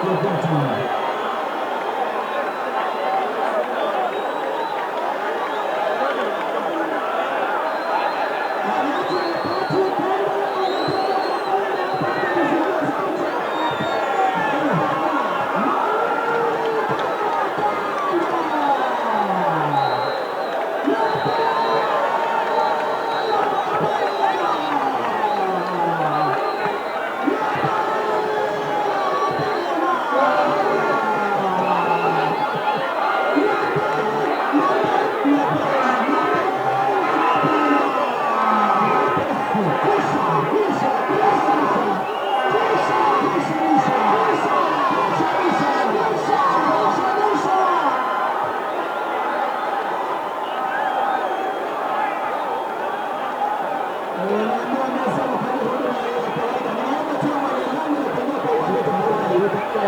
Good time.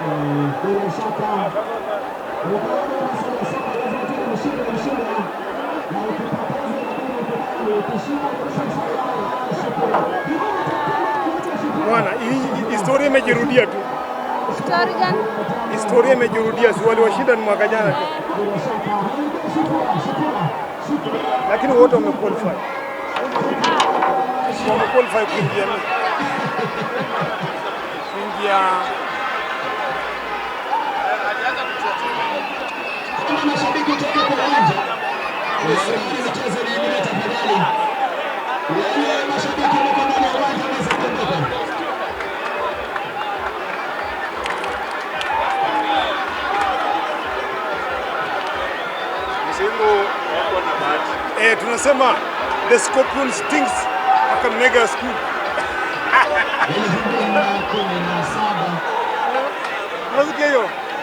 bila shaka bwana, historia imejirudia tu, historia imejirudia, si washinda ni mwaka jana tu, lakini wote wamequalify, wamequalify kuingia kuingia kama mashabiki kutoka kwa uwanja mchezo ni mita finali, wale mashabiki wako ndani ya uwanja wameondoka. Eh, tunasema the scorpion stings aka mega scoop. Unasikia hiyo?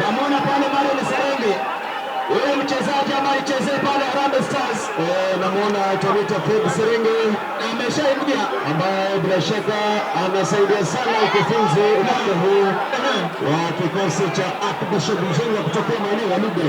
namwona pale Marion Stanley, wewe mchezaji ambaye alichezea pale Harambee Stars. Eh, namwona Tabita Fred Serenge ameshaingia, ambaye bila shaka anasaidia sana ukufunzi upande huu wa kikosi cha APDB Shughuli kutoka kutokea maeneo ya Lugbe.